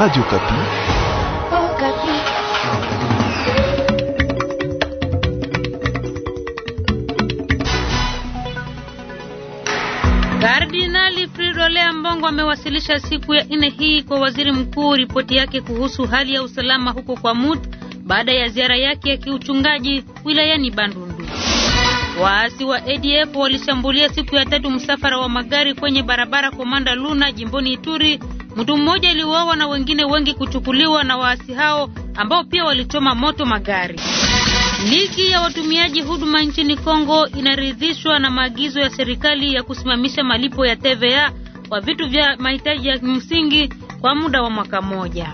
Radio Okapi. Oh, Kardinali Fridolin Ambongo amewasilisha siku ya nne hii kwa waziri mkuu ripoti yake kuhusu hali ya usalama huko kwa Mut baada ya ziara yake ya kiuchungaji wilayani Bandundu. Waasi wa ADF walishambulia siku ya tatu msafara wa magari kwenye barabara Komanda Luna jimboni Ituri Mtu mmoja aliuawa na wengine wengi kuchukuliwa na waasi hao ambao pia walichoma moto magari. Ligi ya watumiaji huduma nchini Kongo inaridhishwa na maagizo ya serikali ya kusimamisha malipo ya TVA kwa vitu vya mahitaji ya msingi kwa muda wa mwaka mmoja.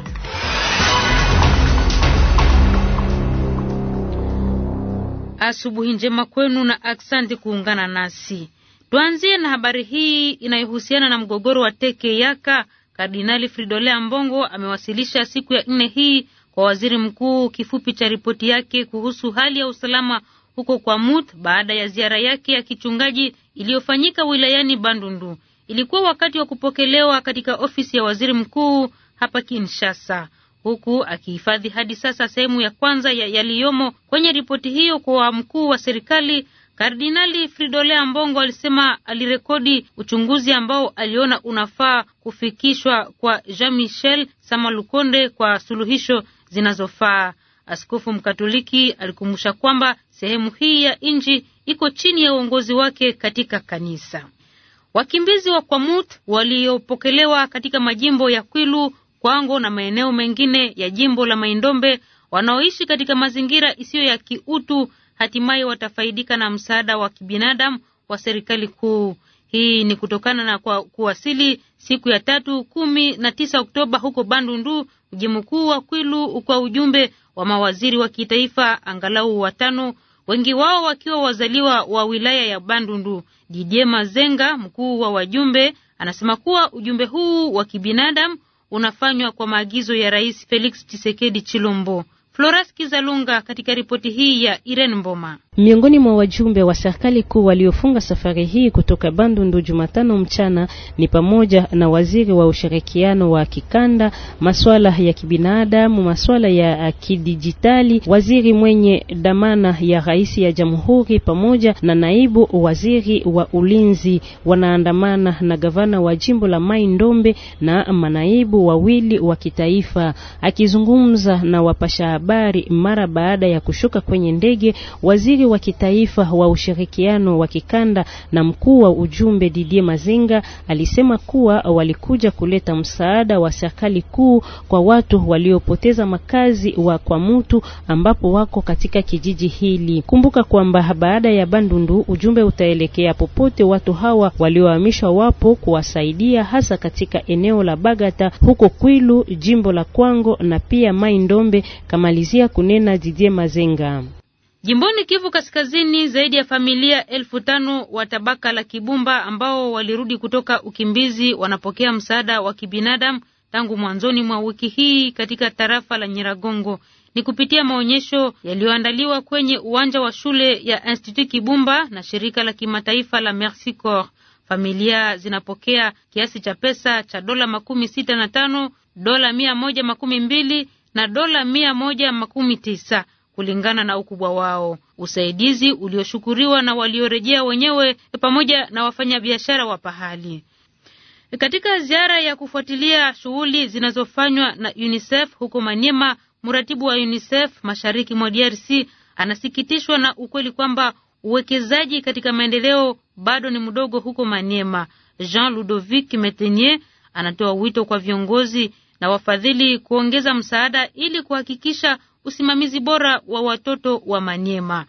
Asubuhi njema kwenu na aksanti kuungana nasi. Tuanzie na habari hii inayohusiana na mgogoro wa Teke Yaka Kardinali Fridolin Mbongo amewasilisha siku ya nne hii kwa waziri mkuu kifupi cha ripoti yake kuhusu hali ya usalama huko mut baada ya ziara yake ya kichungaji iliyofanyika wilayani Bandundu. Ilikuwa wakati wa kupokelewa katika ofisi ya waziri mkuu hapa Kinshasa, huku akihifadhi hadi sasa sehemu ya kwanza ya yaliyomo kwenye ripoti hiyo kwa mkuu wa serikali Kardinali fridole Ambongo alisema alirekodi uchunguzi ambao aliona unafaa kufikishwa kwa Jean Michel Samalukonde kwa suluhisho zinazofaa. Askofu Mkatoliki alikumbusha kwamba sehemu hii ya nchi iko chini ya uongozi wake katika kanisa. Wakimbizi wa Kwamut waliopokelewa katika majimbo ya Kwilu, Kwango na maeneo mengine ya jimbo la Maindombe wanaoishi katika mazingira isiyo ya kiutu hatimaye watafaidika na msaada wa kibinadamu wa serikali kuu. Hii ni kutokana na kwa kuwasili siku ya tatu kumi na tisa Oktoba huko Bandundu, mji mkuu wa Kwilu, kwa ujumbe wa mawaziri wa kitaifa angalau watano, wengi wao wakiwa wazaliwa wa wilaya ya Bandundu. Didie Mazenga, mkuu wa wajumbe, anasema kuwa ujumbe huu wa kibinadamu unafanywa kwa maagizo ya Rais Felix Tshisekedi Chilombo. Flores Kizalunga katika ripoti hii ya Irene Mboma. Miongoni mwa wajumbe wa serikali kuu waliofunga safari hii kutoka Bandundu Jumatano mchana ni pamoja na waziri wa ushirikiano wa kikanda, masuala ya kibinadamu, masuala ya kidijitali, waziri mwenye dhamana ya rais ya jamhuri pamoja na naibu waziri wa ulinzi. Wanaandamana na gavana wa jimbo la Mai Ndombe na manaibu wawili wa kitaifa. Akizungumza na wapasha habari mara baada ya kushuka kwenye ndege, waziri wa kitaifa wa ushirikiano wa kikanda na mkuu wa ujumbe Didier Mazinga alisema kuwa walikuja kuleta msaada wa serikali kuu kwa watu waliopoteza makazi wa kwa mtu ambapo wako katika kijiji hili. Kumbuka kwamba baada ya Bandundu ujumbe utaelekea popote watu hawa waliohamishwa wapo kuwasaidia hasa katika eneo la Bagata huko Kwilu, jimbo la Kwango na pia Mai Ndombe kama anamalizia kunena Didier Mazenga. Jimboni Kivu Kaskazini, zaidi ya familia elfu tano wa tabaka la Kibumba ambao walirudi kutoka ukimbizi wanapokea msaada wa kibinadamu tangu mwanzoni mwa wiki hii katika tarafa la Nyiragongo ni kupitia maonyesho yaliyoandaliwa kwenye uwanja wa shule ya Institut Kibumba na shirika la kimataifa la Merci Corps. Familia zinapokea kiasi cha pesa cha dola makumi sita na tano, dola mia moja makumi mbili na dola mia moja makumi tisa kulingana na ukubwa wao. Usaidizi ulioshukuriwa na waliorejea wenyewe pamoja na wafanyabiashara wa pahali. Katika ziara ya kufuatilia shughuli zinazofanywa na UNICEF huko Maniema, mratibu wa UNICEF mashariki mwa DRC anasikitishwa na ukweli kwamba uwekezaji katika maendeleo bado ni mdogo huko Maniema. Jean Ludovic Metenier anatoa wito kwa viongozi na wafadhili kuongeza msaada ili kuhakikisha usimamizi bora wa watoto wa Manyema.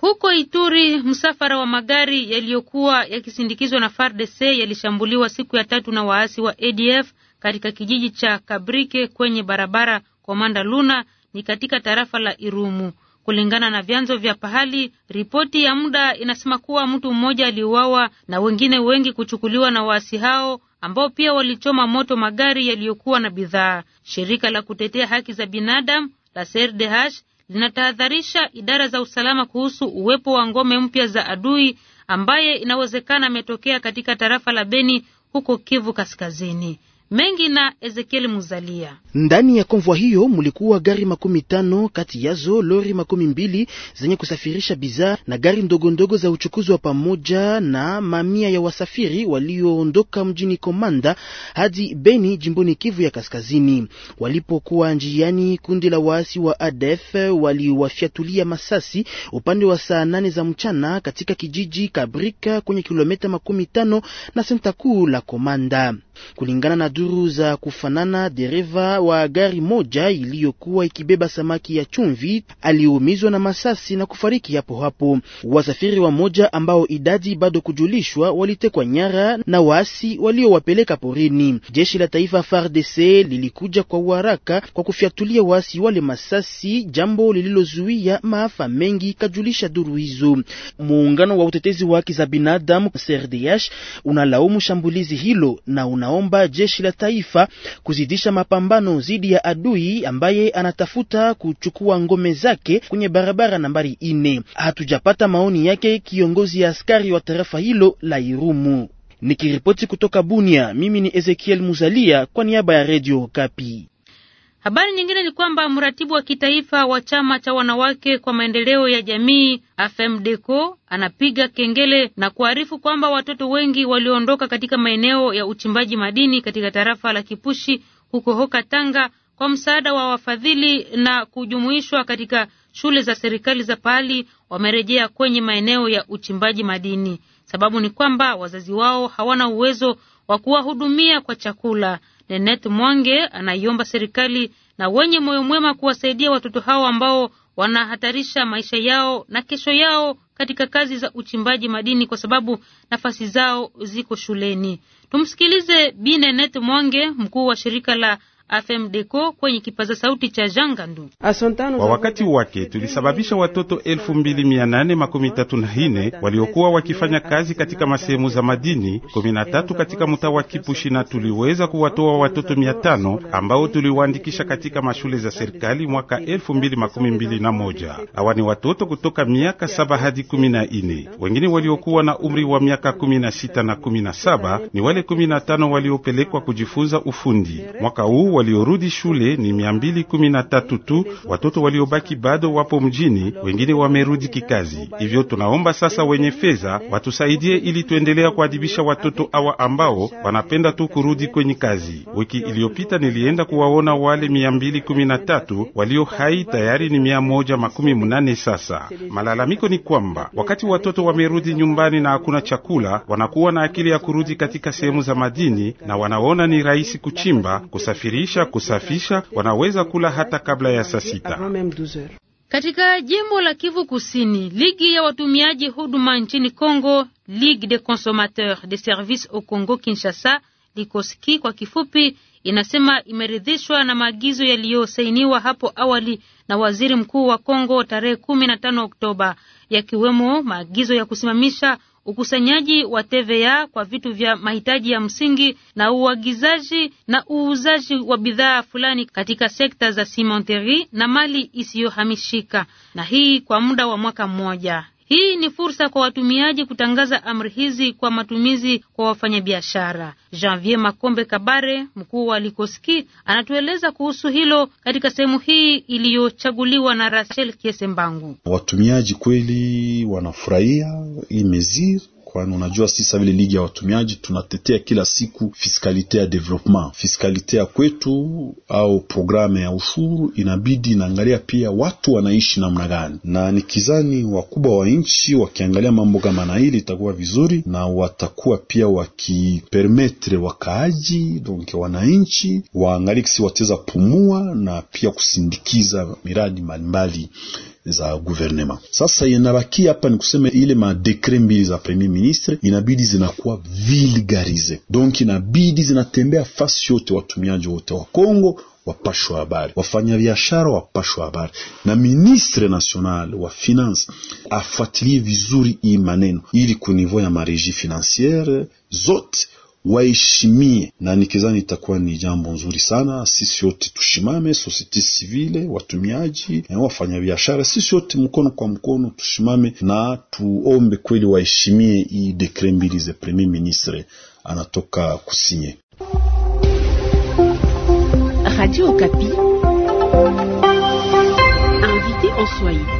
Huko Ituri, msafara wa magari yaliyokuwa yakisindikizwa na FARDC yalishambuliwa siku ya tatu na waasi wa ADF katika kijiji cha Kabrike kwenye barabara Komanda Luna ni katika tarafa la Irumu. Kulingana na vyanzo vya pahali, ripoti ya muda inasema kuwa mtu mmoja aliuawa na wengine wengi kuchukuliwa na waasi hao ambao pia walichoma moto magari yaliyokuwa na bidhaa. Shirika la kutetea haki za binadamu la CRDH linatahadharisha idara za usalama kuhusu uwepo wa ngome mpya za adui ambaye inawezekana ametokea katika tarafa la Beni huko Kivu Kaskazini mengi na Ezekiel Muzalia. Ndani ya konvoi hiyo mulikuwa gari makumi tano, kati yazo lori makumi mbili zenye kusafirisha bidhaa na gari ndogondogo za uchukuzi wa pamoja na mamia ya wasafiri walioondoka mjini Komanda hadi Beni jimboni Kivu ya Kaskazini. Walipokuwa njiani, kundi la waasi wa ADF waliwafyatulia masasi upande wa saa nane za mchana katika kijiji Kabrika kwenye kilomita makumi tano na senta kuu la Komanda. Kulingana na duru za kufanana, dereva wa gari moja iliyokuwa ikibeba samaki ya chumvi aliumizwa na masasi na kufariki hapo hapo. Wasafiri wa moja ambao idadi bado kujulishwa walitekwa nyara na waasi waliowapeleka porini. Jeshi la taifa FARDC lilikuja kwa uharaka kwa kufyatulia waasi wale masasi, jambo lililozuia maafa mengi, kajulisha duru hizo. Muungano wa utetezi wa haki za binadamu CRDH unalaumu shambulizi hilo na una anaomba jeshi la taifa kuzidisha mapambano dhidi ya adui ambaye anatafuta kuchukua ngome zake kwenye barabara nambari ine. Hatujapata maoni yake kiongozi ya askari wa tarafa hilo la Irumu. Nikiripoti kutoka Bunia, mimi ni Ezekiel Muzalia kwa niaba ya redio Kapi. Habari nyingine ni kwamba mratibu wa kitaifa wa chama cha wanawake kwa maendeleo ya jamii AFEMDECO anapiga kengele na kuarifu kwamba watoto wengi walioondoka katika maeneo ya uchimbaji madini katika tarafa la Kipushi huko Hoka Tanga kwa msaada wa wafadhili na kujumuishwa katika shule za serikali za pahali wamerejea kwenye maeneo ya uchimbaji madini. Sababu ni kwamba wazazi wao hawana uwezo wa kuwahudumia kwa chakula. Nenet Mwange anaiomba serikali na wenye moyo mwema kuwasaidia watoto hao ambao wanahatarisha maisha yao na kesho yao katika kazi za uchimbaji madini kwa sababu nafasi zao ziko shuleni. Tumsikilize Bi Nenet Mwange, mkuu wa shirika la AFMDECO kwenye kipaza sauti cha Jangandu. Kwa wakati wake tulisababisha watoto elfu mbili mia nane makumi tatu na waliokuwa wakifanya kazi katika masehemu za madini kumi na tatu katika mtaa wa Kipushi, na tuliweza kuwatoa watoto mia tano ambao tuliwaandikisha katika mashule za serikali mwaka elfu mbili makumi mbili na moja. Hawa ni watoto kutoka miaka saba hadi kumi na ine. Wengine waliokuwa na umri wa miaka kumi na sita na kumi na saba ni wale kumi na tano waliopelekwa kujifunza ufundi mwaka huu waliorudi shule ni 213 tu. Watoto waliobaki bado wapo mjini, wengine wamerudi kikazi. Hivyo tunaomba sasa wenye fedha watusaidie ili tuendelea kuadibisha watoto awa ambao wanapenda tu kurudi kwenye kazi. Wiki iliyopita nilienda kuwaona wale 213 walio hai, tayari ni 118 sasa. Malalamiko ni kwamba wakati watoto wamerudi nyumbani na hakuna chakula, wanakuwa na akili ya kurudi katika sehemu za madini na wanaona ni rahisi kuchimba, kusafirisha wamekwisha kusafisha, wanaweza kula hata kabla ya saa sita. Katika jimbo la Kivu Kusini, ligi ya watumiaji huduma nchini Congo, Ligue des consommateurs de services au Congo Kinshasa, Likoski kwa kifupi, inasema imeridhishwa na maagizo yaliyosainiwa hapo awali na waziri mkuu wa Congo tarehe 15 Oktoba, yakiwemo maagizo ya kusimamisha ukusanyaji wa TVA kwa vitu vya mahitaji ya msingi na uagizaji na uuzaji wa bidhaa fulani katika sekta za simenteri na mali isiyohamishika, na hii kwa muda wa mwaka mmoja. Hii ni fursa kwa watumiaji kutangaza amri hizi kwa matumizi kwa wafanyabiashara. Janvier Makombe Kabare, mkuu wa Likoski, anatueleza kuhusu hilo katika sehemu hii iliyochaguliwa na Rachel Kiesembangu. Watumiaji kweli wanafurahia hii kwani unajua sisi vile ligi ya watumiaji tunatetea kila siku fiskalite ya development. Fiskalite ya kwetu au programe ya ushuru inabidi inaangalia pia watu wanaishi namna gani, na nikizani wakubwa wa nchi wakiangalia mambo kama na hili itakuwa vizuri, na watakuwa pia wakipermetre wakaaji donc wananchi waangalie kisi wateza pumua na pia kusindikiza miradi mbalimbali za guvernema. Sasa inabaki hapa ni kusema ile madekre mbili za premier ministre inabidi zinakuwa vulgarize, donc inabidi zinatembea fasi yote, watumiaji wote wa Kongo wapashwa habari, wafanyabiashara wapashwa habari, na ministre national wa finance afuatilie vizuri hii maneno, ili ku niveau ya maregie financiere zote waheshimie, na nikizani itakuwa ni jambo nzuri sana. Sisi wote tushimame, societe civile, watumiaji, wafanyabiashara, sisi wote mkono kwa mkono tushimame na tuombe kweli waheshimie hii dekre mbili za premier ministre anatoka kusinye. Radio Okapi invité en Swahili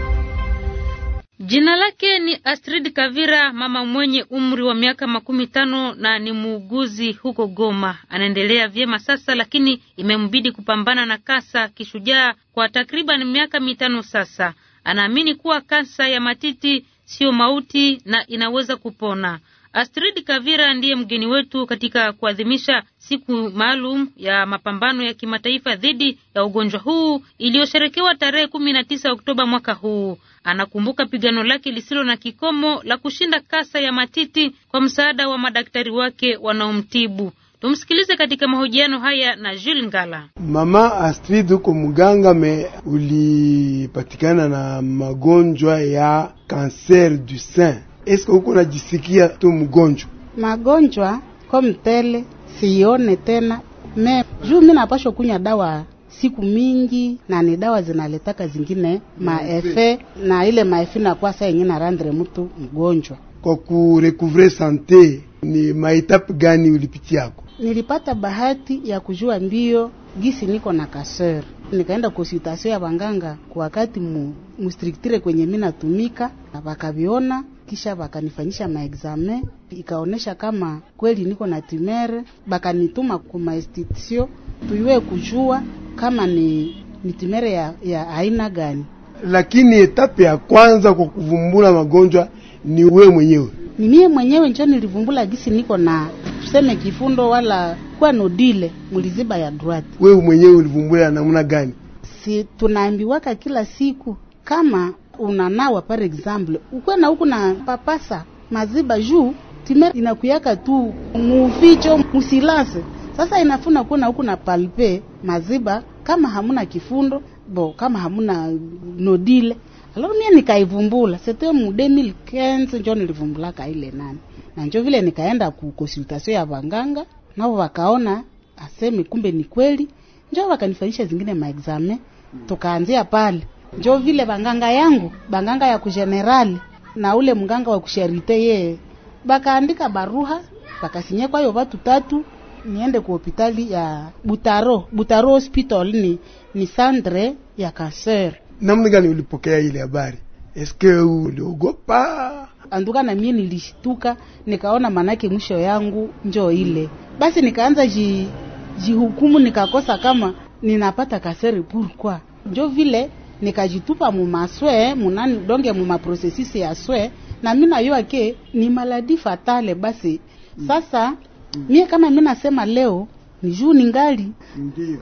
Jina lake ni Astrid Kavira, mama mwenye umri wa miaka makumi tano na ni muuguzi huko Goma. Anaendelea vyema sasa, lakini imembidi kupambana na kansa kishujaa kwa takriban miaka mitano sasa. Anaamini kuwa kansa ya matiti sio mauti na inaweza kupona. Astrid Kavira ndiye mgeni wetu katika kuadhimisha siku maalum ya mapambano ya kimataifa dhidi ya ugonjwa huu iliyosherekewa tarehe kumi na tisa Oktoba mwaka huu. Anakumbuka pigano lake lisilo na kikomo la kushinda kasa ya matiti kwa msaada wa madaktari wake wanaomtibu. Tumsikilize katika mahojiano haya na Jules Ngala. Mama Astrid, huko mganga me ulipatikana na magonjwa ya kanser du sein eske huko najisikia tu mgonjwa? Magonjwa kwa mtele sione tena me juu, mimi napasha kunywa dawa siku mingi, na ni dawa zinaletaka zingine maefe, mm, na ile maefe nakuwa saa yenyewe narandre mtu mgonjwa. Kwa kurecouvre sante, ni maetape gani ulipitiako? Nilipata bahati ya kujua mbio gisi niko na kaseur, nikaenda konsultasio ya wanganga kwa wakati mu mustriktire kwenye mimi natumika, na wakaviona kisha bakanifanyisha maexame ikaonesha kama kweli niko na timere bakanituma ku maestitio tuiwe kujua kama ni, ni timere ya, ya aina gani. Lakini etape ya kwanza kwa kuvumbula magonjwa ni we mwenyewe. Ni mie mwenyewe njo nilivumbula gisi niko na tuseme kifundo wala kwa nodile muliziba ya droite. Wewe mwenyewe ulivumbula namna gani? Si tunaambiwaka kila siku kama unanawa par exemple uko na huku na papasa maziba juu timer inakuyaka tu muficho musilase. Sasa inafuna kuona huku na palpe maziba kama hamuna kifundo bo kama hamuna nodile alafu mie nikaivumbula sete mu 2015 njo nilivumbulaka ile nani na njo vile nikaenda ku consultation ya vanganga nao wakaona aseme kumbe ni kweli, njo wakanifanyisha zingine maexame, tukaanzia pale njo vile banganga yangu banganga ya kujenerali na ule mganga wa kusharite yeye bakaandika baruha bakasinye kwayo watu tatu niende ku hospitali ya Butaro Butaro hospital ni, ni sandre ya kanser. Namna gani ulipokea ile habari? Eske uliogopa? Anduka na mimi nilishtuka, nikaona manake mwisho yangu njo ile. Basi nikaanza ji, jihukumu nikakosa kama ninapata kaseri pourquoi. Njo vile nikajitupa mumaswe munandonge mumaprosesisi ya swe na mimi nayoa ke ni maladi fatale basi mm. sasa mm. mie kama mimi nasema leo ni juu ni ngali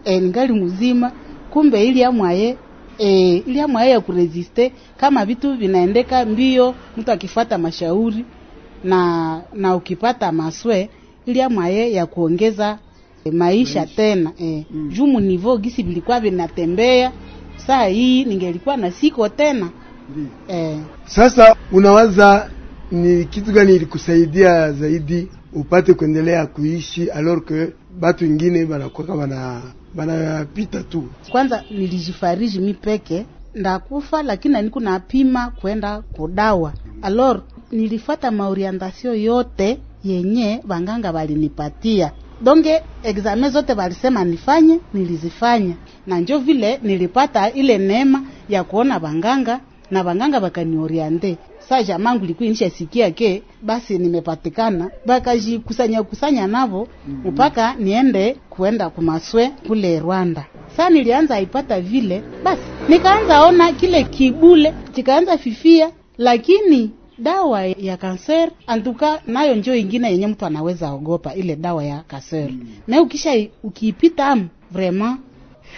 e, ngali mzima kumbe ili amwaye e, ili amwaye ya kuresiste kama vitu vinaendeka mbio mtu akifuata mashauri na na ukipata maswe ili amwaye ya kuongeza e, maisha, maisha tena e, mm. juu munivo gisi vilikuwa vinatembea saa hii ningelikuwa na siko tena eh. Sasa unawaza ni kitu gani ilikusaidia zaidi upate kuendelea kuishi alors que batu wengine banakwaka bana banapita tu? Kwanza nilijifariji mi peke ndakufa, lakini niko napima kwenda kudawa alors nilifata maorientation yote yenye banganga balinipatia donge examen zote balisema nifanye, nilizifanya, na njo vile nilipata ile neema ya kuona banganga na banganga bakanioriante sa jamangu likuinisha sikia ke basi nimepatikana, bakajikusanya kusanya navo mhm. mpaka mm -hmm. niende kuenda kumaswe kule Rwanda. Sa nilianza ipata vile basi, nikaanza ona kile kibule kikaanza fifia, lakini dawa ya kanser antuka nayo njo ingine yenye mtu anaweza ogopa ile dawa ya kanser mm. na ukisha ukiipita am vraiment.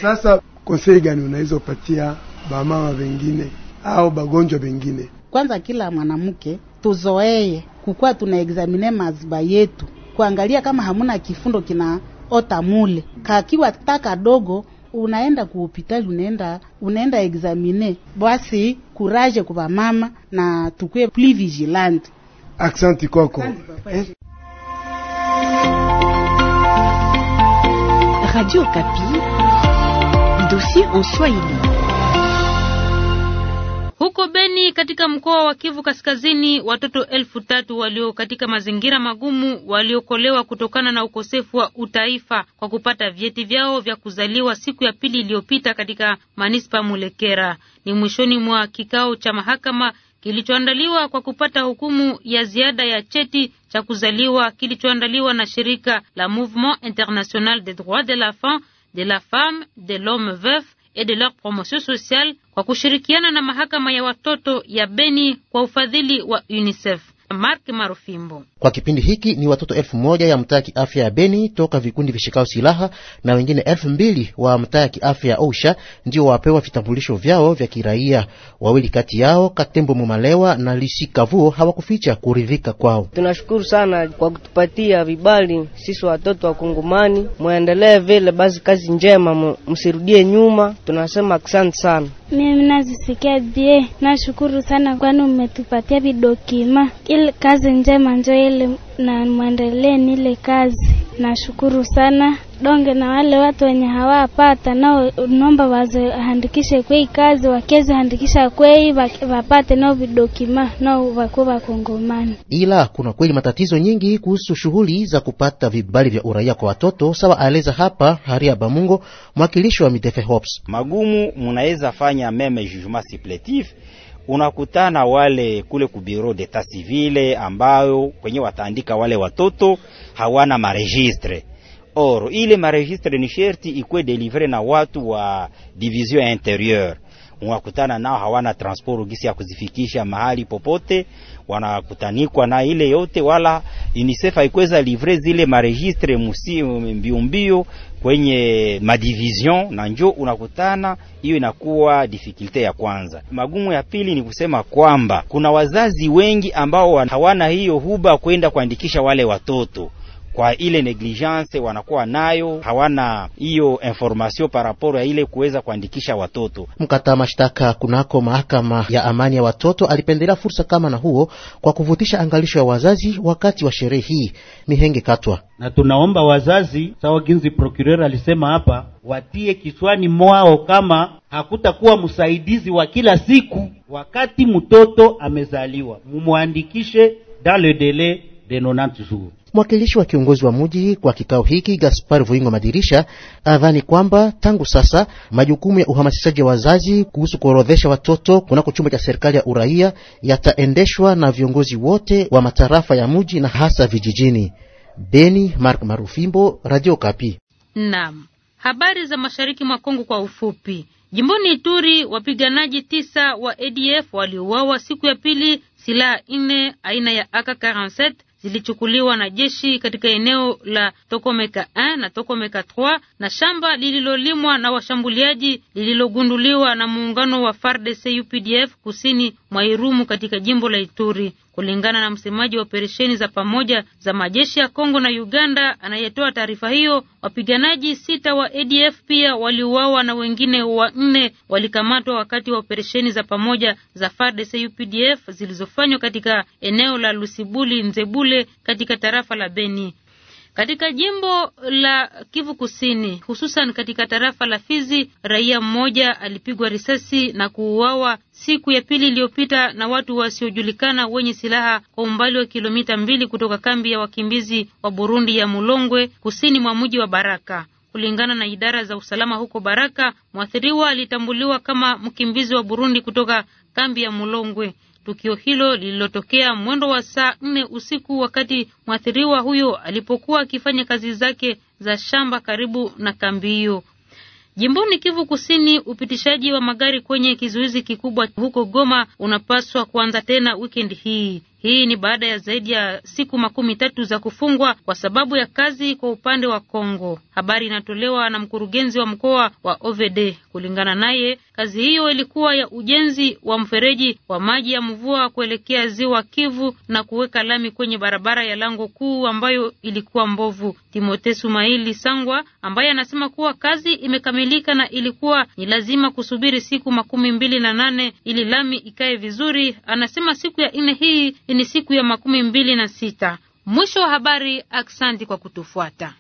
Sasa konsei gani unaweza upatia bamama wengine au bagonjwa wengine? Kwanza kila mwanamke tuzoee kukuwa tuna examine maziba yetu kuangalia kama hamuna kifundo kinaota mule kakiwa taka dogo unaenda kuhopitali, unaenda unaenda examine. Basi kuraje kwa mama na tukue plus vigilante. Aksanti kwako. Eh? Radio Kapi, dossier en Swahili. Huko Beni katika mkoa wa Kivu Kaskazini, watoto elfu tatu walio katika mazingira magumu waliokolewa kutokana na ukosefu wa utaifa kwa kupata vyeti vyao vya kuzaliwa siku ya pili iliyopita katika manispa Mulekera. Ni mwishoni mwa kikao cha mahakama kilichoandaliwa kwa kupata hukumu ya ziada ya cheti cha kuzaliwa kilichoandaliwa na shirika la Mouvement International des Droits de la Femme de la Femme de l'Homme Veuf et de leur promotion sociale kwa kushirikiana na mahakama ya watoto ya Beni kwa ufadhili wa UNICEF. Mark Marufimbo. Kwa kipindi hiki ni watoto elfu moja ya mtaa ya kiafya ya Beni toka vikundi vishikao silaha na wengine elfu mbili wa mtaa ya kiafya ya Osha ndio wapewa vitambulisho vyao vya kiraia. Wawili kati yao Katembo Mumalewa na Lisi Kavuo hawakuficha kuridhika kwao. Tunashukuru sana kwa kutupatia vibali sisi watoto wa Kongomani, mwendelee vile basi, kazi njema, msirudie nyuma. Tunasema asante sana. Mimi nazisikia bie, nashukuru sana kwani umetupatia vidokima ile kazi njema, njo ile na mwendelee nile kazi. Nashukuru sana donge na wale watu wenye hawapata nao, nomba wazoandikishe kwei kazi, wakezi andikisha kwei wapate nao vidokima nao vakuwa Wakongomani. Ila kuna kweli matatizo nyingi kuhusu shughuli za kupata vibali vya uraia kwa watoto, sawa aeleza hapa Haria Bamungo, mwakilishi wa Mitefe Hops. Magumu munaweza fanya meme jugement supletif unakutana wale kule ku bureau d'etat civile ambayo kwenye wataandika wale watoto hawana maregistre Or ile maregistre ni sherti ikuwe delivre na watu wa division interieur wakutana nao hawana transport gisi ya kuzifikisha mahali popote, wanakutanikwa na ile yote, wala UNICEF haikuweza livre zile maregistre musi mbiombio kwenye madivision, na njo unakutana hiyo inakuwa difikulte ya kwanza. Magumu ya pili ni kusema kwamba kuna wazazi wengi ambao hawana hiyo huba kwenda kuandikisha wale watoto kwa ile negligence wanakuwa nayo, hawana hiyo information par rapport ya ile kuweza kuandikisha watoto. Mkataa mashtaka kunako mahakama ya amani ya watoto alipendelea fursa kama na huo kwa kuvutisha angalisho ya wazazi wakati wa sherehe hii. Mihenge Katwa: na tunaomba wazazi sawa ginzi procureur alisema hapa, watie kiswani mwao kama hakutakuwa msaidizi wa kila siku. Wakati mtoto amezaliwa, mumwandikishe dans le delai Mwakilishi wa kiongozi wa muji kwa kikao hiki Gaspar Vuingo Madirisha adhani kwamba tangu sasa majukumu ya uhamasishaji wa wazazi kuhusu kuorodhesha watoto kunako chumba cha serikali ya uraia yataendeshwa na viongozi wote wa matarafa ya muji na hasa vijijini. Beni, Mark Marufimbo, Radio Kapi. Naam, habari za mashariki mwa Kongo kwa ufupi. Jimboni Ituri, wapiganaji tisa wa ADF waliuawa siku ya pili, silaha nne aina ya AK47 zilichukuliwa na jeshi katika eneo la Tokomeka 1 na Tokomeka 3 na shamba lililolimwa na washambuliaji lililogunduliwa na muungano wa FARDC UPDF kusini mwa Irumu katika jimbo la Ituri, kulingana na msemaji wa operesheni za pamoja za majeshi ya Kongo na Uganda anayetoa taarifa hiyo. Wapiganaji sita wa ADF pia waliuawa na wengine wanne walikamatwa wakati wa operesheni za pamoja za FARDC UPDF zilizofanywa katika eneo la Lusibuli Nzebule katika tarafa la Beni. Katika jimbo la Kivu Kusini, hususan katika tarafa la Fizi, raia mmoja alipigwa risasi na kuuawa siku ya pili iliyopita na watu wasiojulikana wenye silaha kwa umbali wa kilomita mbili kutoka kambi ya wakimbizi wa Burundi ya Mulongwe, kusini mwa mji wa Baraka. Kulingana na idara za usalama huko Baraka, mwathiriwa alitambuliwa kama mkimbizi wa Burundi kutoka kambi ya Mulongwe. Tukio hilo lililotokea mwendo wa saa nne usiku wakati mwathiriwa huyo alipokuwa akifanya kazi zake za shamba karibu na kambi hiyo. Jimboni Kivu Kusini, upitishaji wa magari kwenye kizuizi kikubwa huko Goma unapaswa kuanza tena wikendi hii. Hii ni baada ya zaidi ya siku makumi tatu za kufungwa kwa sababu ya kazi kwa upande wa Kongo. Habari inatolewa na mkurugenzi wa mkoa wa OVD. Kulingana naye, kazi hiyo ilikuwa ya ujenzi wa mfereji wa maji ya mvua kuelekea ziwa Kivu na kuweka lami kwenye barabara ya lango kuu ambayo ilikuwa mbovu. Timote Sumaili Sangwa ambaye anasema kuwa kazi imekamilika na ilikuwa ni lazima kusubiri siku makumi mbili na nane ili lami ikae vizuri. Anasema siku ya nne hii ni siku ya makumi mbili na sita. Mwisho wa habari. Aksanti kwa kutufuata.